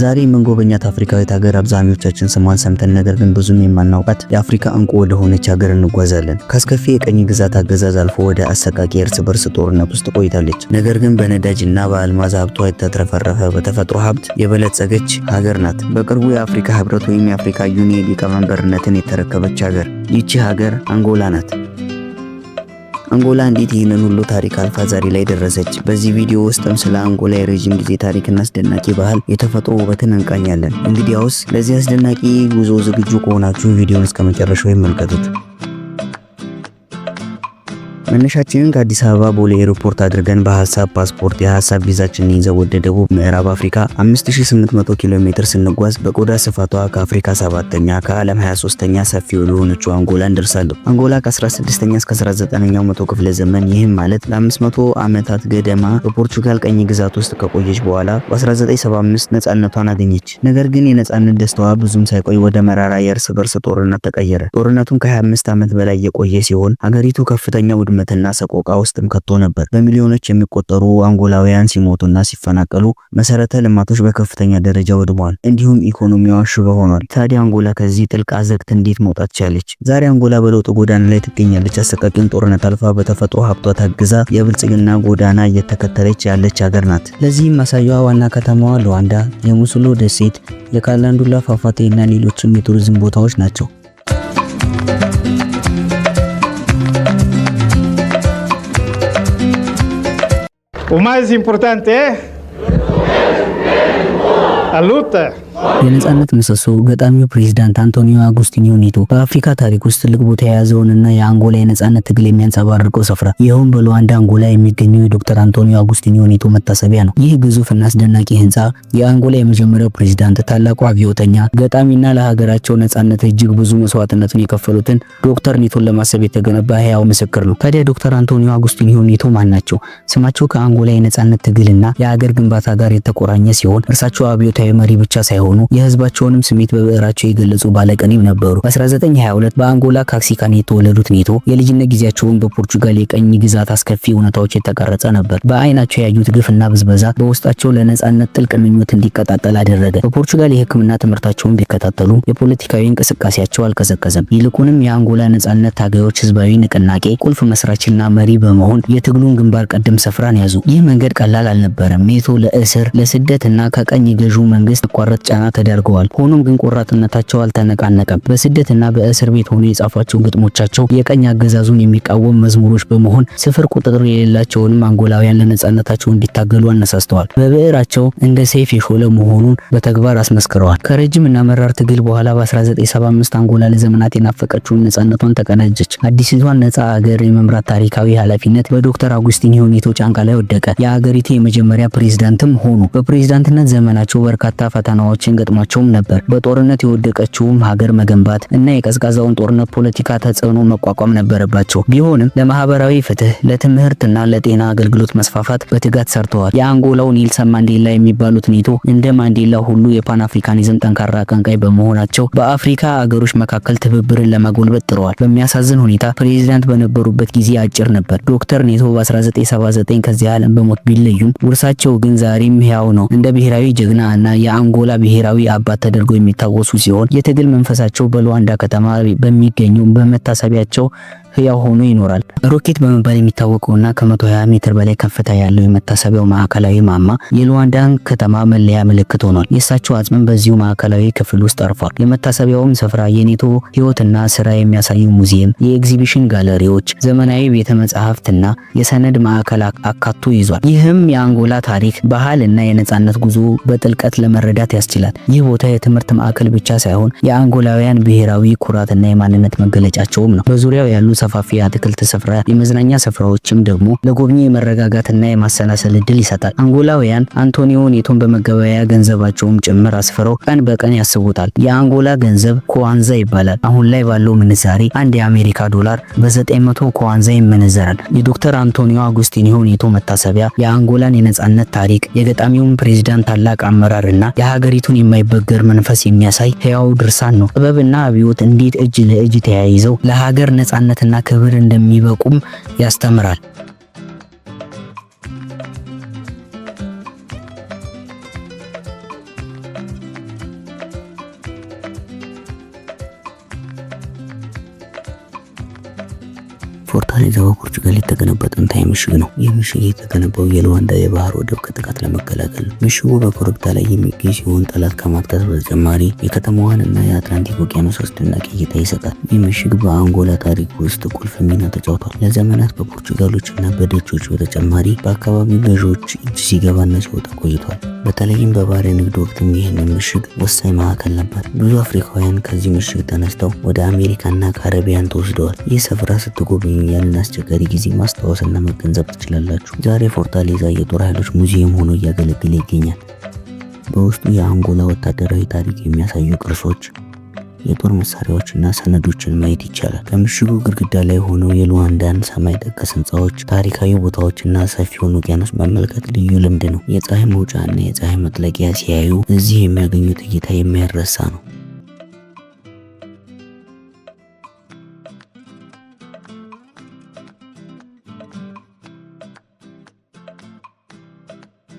ዛሬ የምንጎበኛት አፍሪካዊት ሀገር አብዛኞቻችን ስሟን ሰምተን ነገር ግን ብዙም የማናውቃት የአፍሪካ እንቁ ወደሆነች ሀገር እንጓዛለን። ከአስከፊ የቀኝ ግዛት አገዛዝ አልፎ ወደ አሰቃቂ እርስ በርስ ጦርነት ውስጥ ቆይታለች። ነገር ግን በነዳጅ እና በአልማዝ ሀብቷ የተትረፈረፈ በተፈጥሮ ሀብት የበለጸገች ሀገር ናት። በቅርቡ የአፍሪካ ህብረት ወይም የአፍሪካ ዩኒየን ሊቀመንበርነትን የተረከበች ሀገር ይቺ ሀገር አንጎላ ናት። አንጎላ እንዴት ይህንን ሁሉ ታሪክ አልፋ ዛሬ ላይ ደረሰች? በዚህ ቪዲዮ ውስጥም ስለ አንጎላ የረዥም ጊዜ ታሪክና አስደናቂ ባህል፣ የተፈጥሮ ውበትን እንቃኛለን። እንግዲያውስ ለዚህ አስደናቂ ጉዞ ዝግጁ ከሆናችሁ ቪዲዮን እስከ መጨረሻው ይመልከቱት። መነሻችንን ከአዲስ አበባ ቦሌ ኤሮፖርት አድርገን በሀሳብ ፓስፖርት የሀሳብ ቪዛችንን ይዘው ወደ ደቡብ ምዕራብ አፍሪካ 5800 ኪሎ ሜትር ስንጓዝ በቆዳ ስፋቷ ከአፍሪካ ሰባተኛ ከዓለም 23ተኛ ሰፊ ወደሆነችው አንጎላ እንደርሳለን። አንጎላ ከ16ኛ እስከ 19ኛው መቶ ክፍለ ዘመን ይህም ማለት ለ500 ዓመታት ገደማ በፖርቹጋል ቀኝ ግዛት ውስጥ ከቆየች በኋላ በ1975 ነፃነቷን አገኘች። ነገር ግን የነፃነት ደስታዋ ብዙም ሳይቆይ ወደ መራራ የእርስ በርስ ጦርነት ተቀየረ። ጦርነቱም ከ25 ዓመት በላይ የቆየ ሲሆን ሀገሪቱ ከፍተኛ ውድመ ውድመትና ሰቆቃ ውስጥም ከቶ ነበር። በሚሊዮኖች የሚቆጠሩ አንጎላውያን ሲሞቱና ሲፈናቀሉ መሰረተ ልማቶች በከፍተኛ ደረጃ ወድመዋል። እንዲሁም ኢኮኖሚዋ ሽባ ሆኗል። ታዲያ አንጎላ ከዚህ ጥልቅ አዘቅት እንዴት መውጣት ቻለች? ዛሬ አንጎላ በለውጥ ጎዳና ላይ ትገኛለች። አሰቃቂን ጦርነት አልፋ በተፈጥሮ ሀብቷ ታግዛ የብልጽግና ጎዳና እየተከተለች ያለች ሀገር ናት። ለዚህም ማሳያዋ ዋና ከተማዋ ሉዋንዳ፣ የሙሱሎ ደሴት፣ የካላንዱላ ፏፏቴ እና ሌሎችም የቱሪዝም ቦታዎች ናቸው። O mais importante é a luta. የነጻነት ምሰሶ ገጣሚው ፕሬዝዳንት አንቶኒዮ አጉስቲኒዮ ኒቶ በአፍሪካ ታሪክ ውስጥ ትልቅ ቦታ የያዘውንና የአንጎላ የነጻነት ትግል የሚያንጸባርቀው ስፍራ ይኸውም በሉዋንዳ አንጎላ የሚገኘው የዶክተር አንቶኒዮ አጉስቲኒዮ ኒቶ መታሰቢያ ነው። ይህ ግዙፍና አስደናቂ ህንፃ የአንጎላ የመጀመሪያው ፕሬዝዳንት፣ ታላቁ አብዮተኛ፣ ገጣሚና ለሀገራቸው ነጻነት እጅግ ብዙ መስዋዕትነትን የከፈሉትን ዶክተር ኒቶን ለማሰብ የተገነባ ህያው ምስክር ነው። ታዲያ ዶክተር አንቶኒዮ አጉስቲኒዮ ኒቶ ማን ናቸው? ስማቸው ከአንጎላ የነጻነት ትግልና የአገር ግንባታ ጋር የተቆራኘ ሲሆን እርሳቸው አብዮታዊ መሪ ብቻ ሳይሆን የሆኑ የህዝባቸውንም ስሜት በብዕራቸው የገለጹ ባለቀኔም ነበሩ። በ1922 በአንጎላ ካክሲካን የተወለዱት ኔቶ የልጅነት ጊዜያቸውን በፖርቹጋል የቀኝ ግዛት አስከፊ እውነታዎች የተቀረጸ ነበር። በአይናቸው ያዩት ግፍና ብዝበዛ በውስጣቸው ለነጻነት ጥልቅ ምኞት እንዲቀጣጠል አደረገ። በፖርቹጋል የህክምና ትምህርታቸውን ቢከታተሉም የፖለቲካዊ እንቅስቃሴያቸው አልቀዘቀዘም። ይልቁንም የአንጎላ ነጻነት ታጋዮች ህዝባዊ ንቅናቄ ቁልፍ መስራችና መሪ በመሆን የትግሉን ግንባር ቀደም ሰፍራን ያዙ። ይህ መንገድ ቀላል አልነበረም። ኔቶ ለእስር ለስደት እና ከቀኝ ገዢው መንግስት ያቋረጥ ጫና ተዳርገዋል። ሆኖም ግን ቆራጥነታቸው አልተነቃነቀም። በስደትና በእስር ቤት ሆኖ የጻፏቸው ግጥሞቻቸው የቀኝ አገዛዙን የሚቃወም መዝሙሮች በመሆን ስፍር ቁጥጥር የሌላቸውንም አንጎላውያን ለነጻነታቸው እንዲታገሉ አነሳስተዋል። በብዕራቸው እንደ ሰይፍ የሾለ መሆኑን በተግባር አስመስክረዋል። ከረጅም እና መራር ትግል በኋላ በ1975 አንጎላ ለዘመናት የናፈቀችውን ነጻነቷን ተቀናጀች። አዲስቷን ነጻ አገር የመምራት ታሪካዊ ኃላፊነት በዶክተር አጉስቲን ሂዩኔቶ ጫንቃ ላይ ወደቀ። የአገሪቱ የመጀመሪያ ፕሬዝዳንትም ሆኑ። በፕሬዝዳንትነት ዘመናቸው በርካታ ፈተናዎች ችግሮችን ገጥሟቸውም ነበር። በጦርነት የወደቀችውም ሀገር መገንባት እና የቀዝቃዛውን ጦርነት ፖለቲካ ተጽዕኖ መቋቋም ነበረባቸው። ቢሆንም ለማህበራዊ ፍትህ፣ ለትምህርትና ለጤና አገልግሎት መስፋፋት በትጋት ሰርተዋል። የአንጎላው ኔልሰን ማንዴላ የሚባሉት ኔቶ እንደ ማንዴላ ሁሉ የፓን አፍሪካኒዝም ጠንካራ አቀንቃይ በመሆናቸው በአፍሪካ አገሮች መካከል ትብብርን ለማጎልበት ጥረዋል። በሚያሳዝን ሁኔታ ፕሬዚዳንት በነበሩበት ጊዜ አጭር ነበር። ዶክተር ኔቶ በ1979 ከዚህ ዓለም በሞት ቢለዩም ውርሳቸው ግን ዛሬም ህያው ነው። እንደ ብሔራዊ ጀግና እና የአንጎላ ብሔር ብሔራዊ አባት ተደርጎ የሚታወሱ ሲሆን የትግል መንፈሳቸው በሉዋንዳ ከተማ በሚገኙ በመታሰቢያቸው ህያው ሆኖ ይኖራል። ሮኬት በመባል የሚታወቀውና ከ120 ሜትር በላይ ከፍታ ያለው የመታሰቢያው ማዕከላዊ ማማ የሉዋንዳን ከተማ መለያ ምልክት ሆኗል። የእሳቸው አጽምም በዚሁ ማዕከላዊ ክፍል ውስጥ አርፏል። የመታሰቢያውም ስፍራ የኔቶ ህይወትና ስራ የሚያሳዩ ሙዚየም፣ የኤግዚቢሽን ጋለሪዎች፣ ዘመናዊ ቤተ መጻሕፍትና የሰነድ ማዕከል አካቶ ይዟል። ይህም የአንጎላ ታሪክ፣ ባህል እና የነጻነት ጉዞ በጥልቀት ለመረዳት ያስችላል። ይህ ቦታ የትምህርት ማዕከል ብቻ ሳይሆን የአንጎላውያን ብሔራዊ ኩራትና የማንነት መገለጫቸውም ነው። በዙሪያው ያሉ ሰፋፊ የአትክልት ስፍራ፣ የመዝናኛ ስፍራዎችም ደግሞ ለጎብኚ የመረጋጋትና የማሰላሰል እድል ይሰጣል። አንጎላውያን አንቶኒዮ ኔቶን በመገበያያ ገንዘባቸውም ጭምር አስፍረው ቀን በቀን ያስቡታል። የአንጎላ ገንዘብ ኮዋንዛ ይባላል። አሁን ላይ ባለው ምንዛሬ አንድ የአሜሪካ ዶላር በ900 ኮዋንዛ ይመነዘራል። የዶክተር አንቶኒዮ አጉስቲኒዮ ኔቶ መታሰቢያ የአንጎላን የነጻነት ታሪክ የገጣሚውን ፕሬዚዳንት ታላቅ አመራር እና የሀገሪቱን የማይበገር መንፈስ የሚያሳይ ህያው ድርሳን ነው። ጥበብና አብዮት እንዴት እጅ ለእጅ ተያይዘው ለሀገር ነጻነት እና ክብር እንደሚበቁም ያስተምራል። ፎርታሌዛ በፖርቹጋል የተገነባ ጥንታዊ ምሽግ ነው። ይህ ምሽግ የተገነባው የሉዋንዳ የባህር ወደብ ከጥቃት ለመከላከል ነው። ምሽጉ በኮረብታ ላይ የሚገኝ ሲሆን ጠላት ከማጥቃት በተጨማሪ የከተማዋን እና የአትላንቲክ ውቅያኖስ አስደናቂ እይታ ይሰጣል። ይህ ምሽግ በአንጎላ ታሪክ ውስጥ ቁልፍ ሚና ተጫውቷል። ለዘመናት በፖርቹጋሎች እና በደቾች በተጨማሪ በአካባቢው ገዢዎች እጅ ሲገባና ሲወጣ ቆይቷል። በተለይም ባሪያ ንግድ ወቅትም የሚሄን ምሽግ ወሳኝ ማዕከል ነበር። ብዙ አፍሪካውያን ከዚህ ምሽግ ተነስተው ወደ አሜሪካና ካረቢያን ተወስደዋል። ይህ ስፍራ ስትጎበኙ ያንን አስቸጋሪ ጊዜ ማስታወስና መገንዘብ ትችላላችሁ። ዛሬ ፎርታሌዛ የጦር ኃይሎች ሙዚየም ሆኖ እያገለገለ ይገኛል። በውስጡ የአንጎላ ወታደራዊ ታሪክ የሚያሳዩ ቅርሶች የጦር መሳሪያዎችና ሰነዶችን ማየት ይቻላል። ከምሽጉ ግድግዳ ላይ ሆነው የሉዋንዳን ሰማይ ጠቀስ ህንፃዎች፣ ታሪካዊ ቦታዎችና ሰፊውን ውቅያኖስ መመልከት ልዩ ልምድ ነው። የፀሐይ መውጫና የፀሐይ መጥለቂያ ሲያዩ እዚህ የሚያገኙት እይታ የሚያረሳ ነው።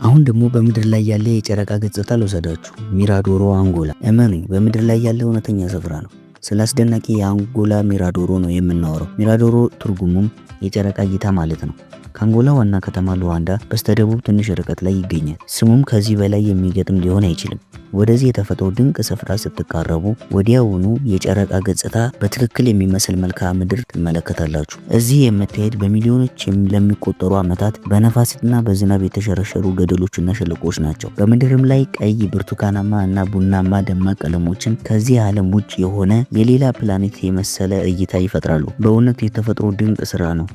አሁን ደግሞ በምድር ላይ ያለ የጨረቃ ገጽታ ልውሰዳችሁ። ሚራዶሮ አንጎላ። እመኑኝ በምድር ላይ ያለ እውነተኛ ስፍራ ነው። ስለ አስደናቂ የአንጎላ ሚራዶሮ ነው የምናወረው። ሚራዶሮ ትርጉሙም የጨረቃ ጌታ ማለት ነው። ከአንጎላ ዋና ከተማ ሉዋንዳ በስተደቡብ ትንሽ ርቀት ላይ ይገኛል። ስሙም ከዚህ በላይ የሚገጥም ሊሆን አይችልም። ወደዚህ የተፈጥሮ ድንቅ ስፍራ ስትቃረቡ ወዲያውኑ የጨረቃ ገጽታ በትክክል የሚመስል መልክዓ ምድር ትመለከታላችሁ። እዚህ የምትሄድ በሚሊዮኖች ለሚቆጠሩ ዓመታት በነፋስና በዝናብ የተሸረሸሩ ገደሎችና ሸለቆች ናቸው። በምድርም ላይ ቀይ፣ ብርቱካናማ እና ቡናማ ደማቅ ቀለሞችን ከዚህ ዓለም ውጭ የሆነ የሌላ ፕላኔት የመሰለ እይታ ይፈጥራሉ። በእውነት የተፈጥሮ ድንቅ ስራ ነው።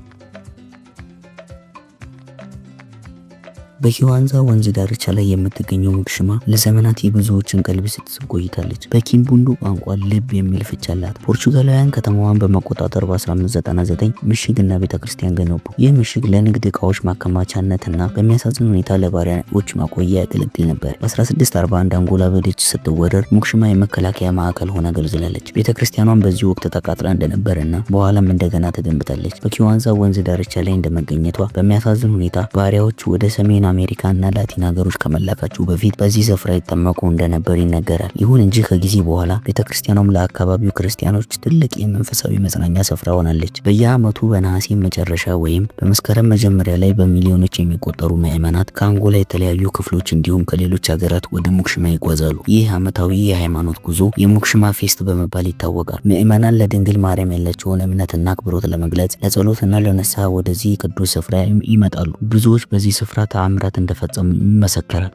በኪዋንዛ ወንዝ ዳርቻ ላይ የምትገኘው ሙክሽማ ለዘመናት የብዙዎችን ቀልብ ስትስብ ቆይታለች። በኪምቡንዱ ቋንቋ ልብ የሚል ፍች አላት። ፖርቹጋላውያን ከተማዋን በመቆጣጠር በ1599 ምሽግና ቤተ ክርስቲያን ገነቡ። ይህ ምሽግ ለንግድ እቃዎች ማከማቻነትና በሚያሳዝን ሁኔታ ለባሪያዎች ማቆያ ያገለግል ነበር። በ1641 አንጎላ በደች ስትወረር ሙክሽማ የመከላከያ ማዕከል ሆና አገልግላለች። ቤተ ክርስቲያኗን በዚህ ወቅት ተቃጥላ እንደነበረና በኋላም እንደገና ተገንብታለች። በኪዋንዛ ወንዝ ዳርቻ ላይ እንደመገኘቷ በሚያሳዝን ሁኔታ ባሪያዎች ወደ ሰሜን አሜሪካና ላቲን ሀገሮች ከመላካቸው በፊት በዚህ ስፍራ ይጠመቁ እንደነበር ይነገራል። ይሁን እንጂ ከጊዜ በኋላ ቤተክርስቲያኗም ለአካባቢው ክርስቲያኖች ትልቅ የመንፈሳዊ መጽናኛ ስፍራ ሆናለች። በየአመቱ በነሐሴ መጨረሻ ወይም በመስከረም መጀመሪያ ላይ በሚሊዮኖች የሚቆጠሩ ምዕመናት ከአንጎላ የተለያዩ ክፍሎች እንዲሁም ከሌሎች ሀገራት ወደ ሙክሽማ ይጓዛሉ። ይህ ዓመታዊ የሃይማኖት ጉዞ የሙክሽማ ፌስት በመባል ይታወቃል። ምዕመናን ለድንግል ማርያም ያላቸውን እምነትና አክብሮት ለመግለጽ ለጸሎትና ለነሳ ወደዚህ ቅዱስ ስፍራ ይመጣሉ። ብዙዎች በዚህ ስፍራ ተአምረ ተአምራት እንደፈጸሙ ይመሰከራል።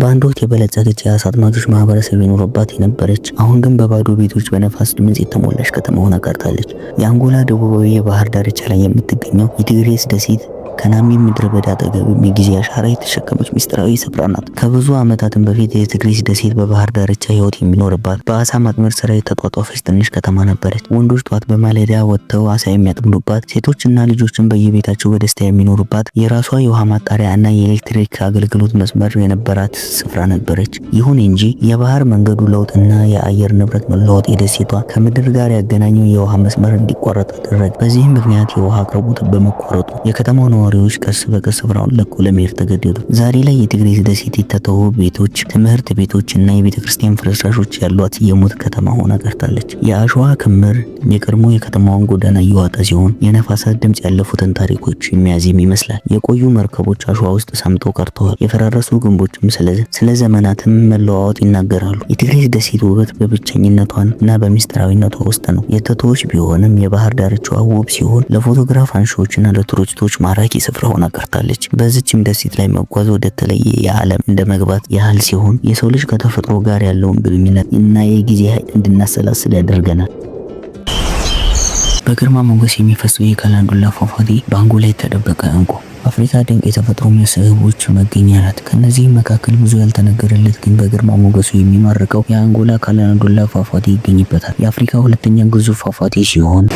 በአንድ ወቅት የበለጸገች የአሳ አጥማጆች ማህበረሰብ የኖረባት የነበረች አሁን ግን በባዶ ቤቶች በነፋስ ድምፅ የተሞላች ከተማ ሆና ቀርታለች። የአንጎላ ደቡባዊ የባህር ዳርቻ ላይ የምትገኘው የትግሬስ ደሴት ከናሚ ምድረ በዳ አጠገብም የጊዜ አሻራ የተሸከመች ሚስጥራዊ ስፍራ ናት። ከብዙ ዓመታትን በፊት የትግሪስ ደሴት በባህር ዳርቻ ህይወት የሚኖርባት በአሳ ማጥመድ ስራ የተጧጧፈች ትንሽ ከተማ ነበረች። ወንዶች ጧት በማለዳ ወጥተው አሳ የሚያጥምዱባት፣ ሴቶችና ልጆችን በየቤታቸው በደስታ የሚኖሩባት፣ የራሷ የውሃ ማጣሪያ እና የኤሌክትሪክ አገልግሎት መስመር የነበራት ስፍራ ነበረች። ይሁን እንጂ የባህር መንገዱ ለውጥ እና የአየር ንብረት መለወጥ የደሴቷ ከምድር ጋር ያገናኘው የውሃ መስመር እንዲቋረጥ አደረገ። በዚህም ምክንያት የውሃ አቅርቦት በመቋረጡ የከተማው ነዋሪዎች ቀስ በቀስ ስፍራውን ለቆ ለመሄድ ተገደዱ። ዛሬ ላይ የትግሬ ደሴት የተተዉ ቤቶች፣ ትምህርት ቤቶች እና የቤተ ክርስቲያን ፍርስራሾች ያሏት የሞት ከተማ ሆና ቀርታለች። የአሸዋ ክምር የቀድሞ የከተማዋን ጎዳና እየዋጠ ሲሆን የነፋሳት ድምፅ ያለፉትን ታሪኮች የሚያዜም ይመስላል። የቆዩ መርከቦች አሸዋ ውስጥ ሰምጠው ቀርተዋል። የፈራረሱ ግንቦችም ስለ ዘመናትም መለዋወጥ ይናገራሉ። የትግሬ ደሴት ውበት በብቸኝነቷን እና በሚስጥራዊነቷ ውስጥ ነው። የተተወች ቢሆንም የባህር ዳርቻዋ ውብ ሲሆን ለፎቶግራፍ አንሺዎችና ለቱሪስቶች ማራኪ ስፍራ ሆና ቀርታለች። በዚችም ደሴት ላይ መጓዝ ወደ ተለየ የዓለም እንደ መግባት ያህል ሲሆን የሰው ልጅ ከተፈጥሮ ጋር ያለውን ግንኙነት እና የጊዜ ኃይል እንድናሰላስል ያደርገናል። በግርማ ሞገስ የሚፈሰው የካላንዱላ ፏፏቴ በአንጎላ የተደበቀ እንቁ አፍሪካ ድንቅ የተፈጥሮ መስህቦች መገኛ ናት። ከነዚህም መካከል ብዙ ያልተነገረለት ግን በግርማ ሞገሱ የሚማርከው የአንጎላ ካላንዱላ ፏፏቴ ይገኝበታል። የአፍሪካ ሁለተኛ ግዙፍ ፏፏቴ ሲሆን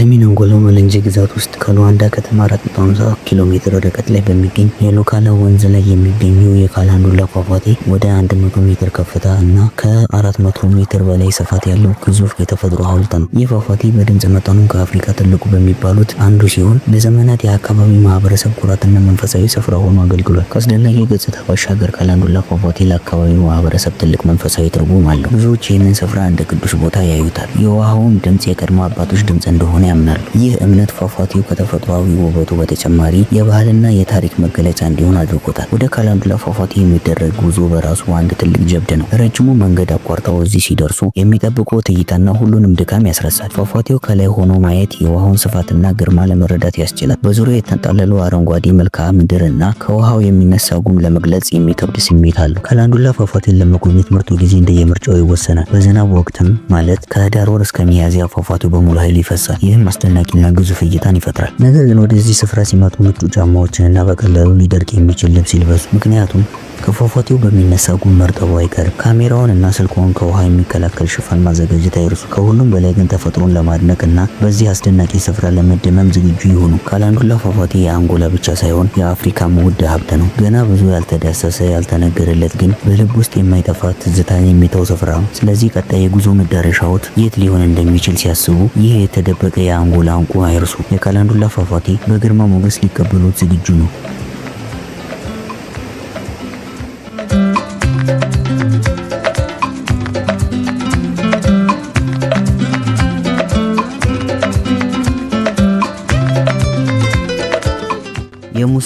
በሰሜን አንጎላ ወለንጀ ግዛት ውስጥ ከሉዋንዳ ከተማ 450 ኪሎ ሜትር ርቀት ላይ በሚገኝ የሎካላ ወንዝ ላይ የሚገኘው የካላንዱላ ፏፏቴ ወደ 100 ሜትር ከፍታ እና ከ400 ሜትር በላይ ስፋት ያለው ግዙፍ የተፈጥሮ ሐውልት ነው። ይህ ፏፏቴ በድምፅ መጠኑ ከአፍሪካ ትልቁ በሚባሉት አንዱ ሲሆን ለዘመናት የአካባቢ ማህበረሰብ ኩራትና መንፈሳዊ ስፍራ ሆኖ አገልግሏል። ከአስደናቂ ገጽታ ባሻገር ካላንዱላ ፏፏቴ ለአካባቢው ማህበረሰብ ትልቅ መንፈሳዊ ትርጉም አለው። ብዙዎች ይህንን ስፍራ እንደ ቅዱስ ቦታ ያዩታል። የውሃውን ድምፅ የቀድሞ አባቶች ድምፅ እንደሆነ ያምናሉ። ይህ እምነት ፏፏቴው ከተፈጥሯዊ ውበቱ በተጨማሪ የባህልና የታሪክ መገለጫ እንዲሆን አድርጎታል። ወደ ካላንዱላ ፏፏቴ የሚደረግ ጉዞ በራሱ አንድ ትልቅ ጀብድ ነው። ረጅሙ መንገድ አቋርጠው እዚህ ሲደርሱ የሚጠብቁት እይታና ሁሉንም ድካም ያስረሳል። ፏፏቴው ከላይ ሆኖ ማየት የውሃውን ስፋትና ግርማ ለመረዳት ያስችላል። በዙሪያው የተንጣለለው አረንጓዴ መልክዓ ምድር እና ከውሃው የሚነሳ ጉም ለመግለጽ የሚከብድ ስሜት አለው። ካላንዱላ ፏፏቴን ለመጎብኘት ምርጡ ጊዜ እንደየምርጫው ይወሰናል። በዝናብ ወቅትም ማለት ከህዳር ወር እስከ ሚያዝያ ፏፏቴው በሙሉ ኃይል ይፈሳል። ይህም አስደናቂና ግዙፍ እይታን ይፈጥራል። ነገር ግን ወደዚህ ስፍራ ሲመጡ ምቹ ጫማዎችንና በቀላሉ ሊደርቅ የሚችል ልብስ ይልበሱ፣ ምክንያቱም ከፏፏቴው በሚነሳ ጉም መርጠቡ አይቀርም። ካሜራውን እና ስልክዎን ከውሃ የሚከላከል ሽፋን ማዘጋጀት አይርሱ። ከሁሉም በላይ ግን ተፈጥሮን ለማድነቅ እና በዚህ አስደናቂ ስፍራ ለመደመም ዝግጁ ይሁኑ። ካላንዱላ ፏፏቴ የአንጎላ ብቻ ሳይሆን የአፍሪካ ውድ ሀብት ነው። ገና ብዙ ያልተዳሰሰ፣ ያልተነገረለት ግን በልብ ውስጥ የማይጠፋ ትዝታን የሚተው ስፍራ ነው። ስለዚህ ቀጣይ የጉዞ መዳረሻዎት የት ሊሆን እንደሚችል ሲያስቡ ይህ የተደበቀ የአንጎላ እንቁ አይርሱ። የካላንዱላ ፏፏቴ በግርማ ሞገስ ሊቀበሉት ዝግጁ ነው።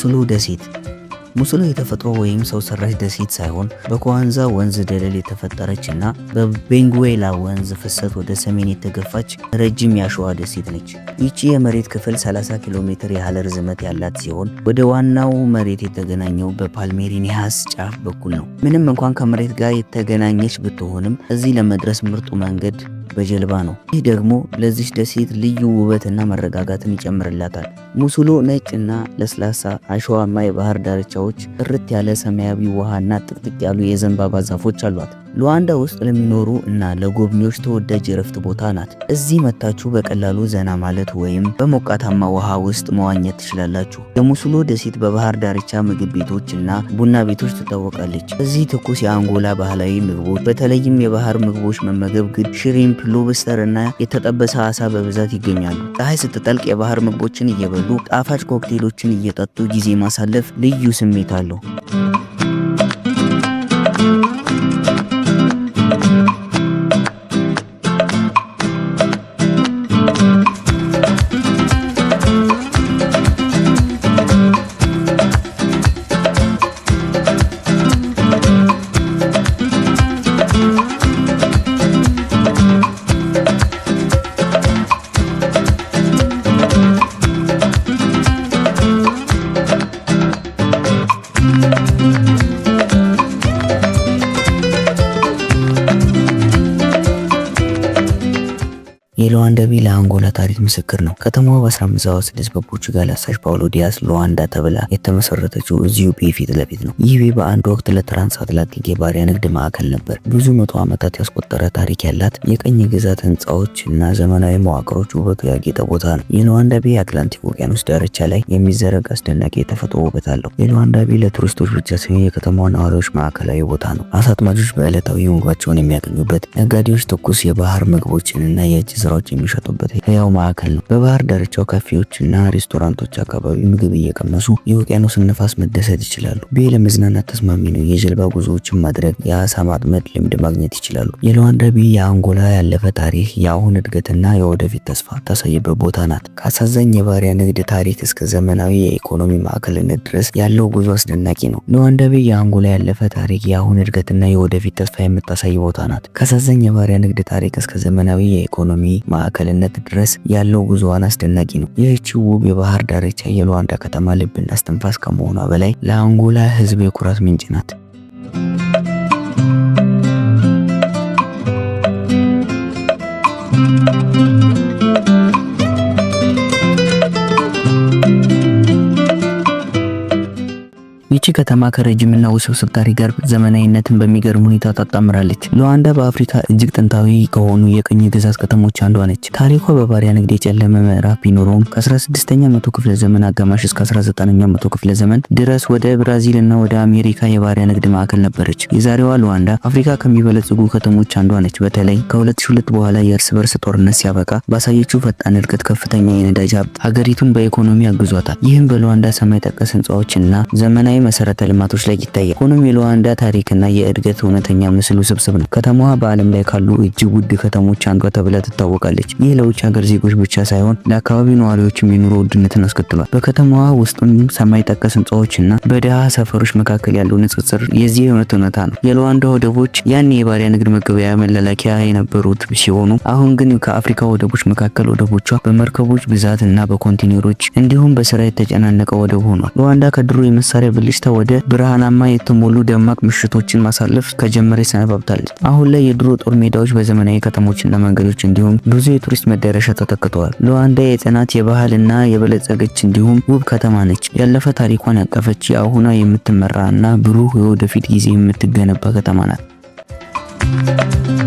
ሙስሉ ደሴት ሙስሉ የተፈጥሮ ወይም ሰው ሰራሽ ደሴት ሳይሆን በኮዋንዛ ወንዝ ደለል የተፈጠረች እና በቤንጉዌላ ወንዝ ፍሰት ወደ ሰሜን የተገፋች ረጅም ያሸዋ ደሴት ነች። ይቺ የመሬት ክፍል 30 ኪሎ ሜትር ያህል ርዝመት ያላት ሲሆን ወደ ዋናው መሬት የተገናኘው በፓልሜሪኒያስ ጫፍ በኩል ነው። ምንም እንኳን ከመሬት ጋር የተገናኘች ብትሆንም እዚህ ለመድረስ ምርጡ መንገድ በጀልባ ነው። ይህ ደግሞ ለዚች ደሴት ልዩ ውበትና መረጋጋትን ይጨምርላታል። ሙሱሎ ነጭና ለስላሳ አሸዋማ የባህር ዳርቻዎች፣ ጥርት ያለ ሰማያዊ ውሃና ጥቅጥቅ ያሉ የዘንባባ ዛፎች አሏት። ሉዋንዳ ውስጥ ለሚኖሩ እና ለጎብኚዎች ተወዳጅ የረፍት ቦታ ናት። እዚህ መታችሁ በቀላሉ ዘና ማለት ወይም በሞቃታማ ውሃ ውስጥ መዋኘት ትችላላችሁ። የሙሱሎ ደሴት በባህር ዳርቻ ምግብ ቤቶች እና ቡና ቤቶች ትታወቃለች። እዚህ ትኩስ የአንጎላ ባህላዊ ምግቦች በተለይም የባህር ምግቦች መመገብ ግድ፣ ሽሪምፕ፣ ሎብስተር እና የተጠበሰ አሳ በብዛት ይገኛሉ። ፀሐይ ስትጠልቅ የባህር ምግቦችን እየበሉ ጣፋጭ ኮክቴሎችን እየጠጡ ጊዜ ማሳለፍ ልዩ ስሜት አለው። የአንጎላ ታሪክ ምስክር ነው። ከተማዋ በ1576 በፖርቹጋል አሳሽ ፓውሎ ዲያስ ሉዋንዳ ተብላ የተመሰረተችው እዚሁ ቤ ፊት ለፊት ነው። ይህ ቤ በአንድ ወቅት አትላንቲክ የባሪያ ንግድ ማዕከል ነበር። ብዙ መቶ ዓመታት ያስቆጠረ ታሪክ ያላት የቀኝ ግዛት ህንፃዎች እና ዘመናዊ መዋቅሮች ውበቱ ያጌጠ ቦታ ነው። የሉዋንዳ ቤ የአትላንቲክ ውቅያኖስ ዳርቻ ላይ የሚዘረግ አስደናቂ የተፈጥሮ ውበት አለው። የሉዋንዳ ቤ ለቱሪስቶች ብቻ ሳይሆን የከተማዋ ነዋሪዎች ማዕከላዊ ቦታ ነው። አሳ አጥማጆች በዕለታዊ ምግባቸውን የሚያገኙበት፣ ነጋዴዎች ትኩስ የባህር ምግቦችንና የእጅ ስራዎች የሚሸጡበት የሚገኙበት ህያው ማዕከል ነው። በባህር ዳርቻው ካፌዎችና ሬስቶራንቶች አካባቢ ምግብ እየቀመሱ የውቅያኖስን ነፋስ መደሰት ይችላሉ። ቤ ለመዝናናት ተስማሚ ነው። የጀልባ ጉዞዎችን ማድረግ፣ የአሳ ማጥመድ ልምድ ማግኘት ይችላሉ። የሉዋንዳ ቤ የአንጎላ ያለፈ ታሪክ፣ የአሁን እድገትና የወደፊት ተስፋ ታሳይበት ቦታ ናት። ከአሳዛኝ የባሪያ ንግድ ታሪክ እስከ ዘመናዊ የኢኮኖሚ ማዕከልነት ድረስ ያለው ጉዞ አስደናቂ ነው። ሉዋንዳ ቤ የአንጎላ ያለፈ ታሪክ፣ የአሁን እድገትና የወደፊት ተስፋ የምታሳይ ቦታ ናት። ከአሳዛኝ የባሪያ ንግድ ታሪክ እስከ ዘመናዊ የኢኮኖሚ ማዕከልነት ሐይቅ ድረስ ያለው ጉዞዋን አስደናቂ ነው። ይህች ውብ የባህር ዳርቻ የሉዋንዳ ከተማ ልብና እስትንፋስ ከመሆኗ በላይ ለአንጎላ ሕዝብ የኩራት ምንጭ ናት። ይቺ ከተማ ከረጅምና ውስብስብ ታሪክ ጋር ዘመናዊነትን በሚገርም ሁኔታ ታጣምራለች። ሉዋንዳ በአፍሪካ እጅግ ጥንታዊ ከሆኑ የቅኝ ግዛት ከተሞች አንዷ ነች። ታሪኳ በባሪያ ንግድ የጨለመ ምዕራፍ ቢኖረውም ከ16ኛ መቶ ክፍለ ዘመን አጋማሽ እስከ 19ኛ መቶ ክፍለ ዘመን ድረስ ወደ ብራዚል እና ወደ አሜሪካ የባሪያ ንግድ ማዕከል ነበረች። የዛሬዋ ሉዋንዳ አፍሪካ ከሚበለጽጉ ከተሞች አንዷ ነች። በተለይ ከ2002 በኋላ የእርስ በርስ ጦርነት ሲያበቃ ባሳየችው ፈጣን እድገት ከፍተኛ የነዳጅ ሀብት ሀገሪቱን በኢኮኖሚ አግዟታል። ይህም በሉዋንዳ ሰማይ ጠቀስ ህንፃዎችና ዘመናዊ መሰረተ ልማቶች ላይ ይታያል። ሆኖም የሉዋንዳ ታሪክና የእድገት እውነተኛ ምስል ውስብስብ ነው። ከተማዋ በዓለም ላይ ካሉ እጅግ ውድ ከተሞች አንዷ ተብላ ትታወቃለች። ይህ ለውጭ ሀገር ዜጎች ብቻ ሳይሆን ለአካባቢው ነዋሪዎችም የኑሮ ውድነትን አስከትሏል። በከተማዋ ውስጥም ሰማይ ጠቀስ ህንፃዎችና በድሃ ሰፈሮች መካከል ያለው ንጽጽር የዚህ የእውነት እውነታ ነው። የሉዋንዳ ወደቦች ያኔ የባሪያ ንግድ መገበያ መላላኪያ የነበሩት ሲሆኑ አሁን ግን ከአፍሪካ ወደቦች መካከል ወደቦቿ በመርከቦች ብዛት እና በኮንቴነሮች እንዲሁም በስራ የተጨናነቀ ወደብ ሆኗል። ሉዋንዳ ከድሮ የመሳሪያ ብልሽ ተገፍታ ወደ ብርሃናማ የተሞሉ ደማቅ ምሽቶችን ማሳለፍ ከጀመረ ይሰነባብታለች። አሁን ላይ የድሮ ጦር ሜዳዎች በዘመናዊ ከተሞችና መንገዶች እንዲሁም ብዙ የቱሪስት መዳረሻ ተተክተዋል። ሉዋንዳ የጽናት የባህልና የበለጸገች እንዲሁም ውብ ከተማ ነች። ያለፈ ታሪኳን ያቀፈች የአሁኗ የምትመራ እና ብሩህ የወደፊት ጊዜ የምትገነባ ከተማ ናት።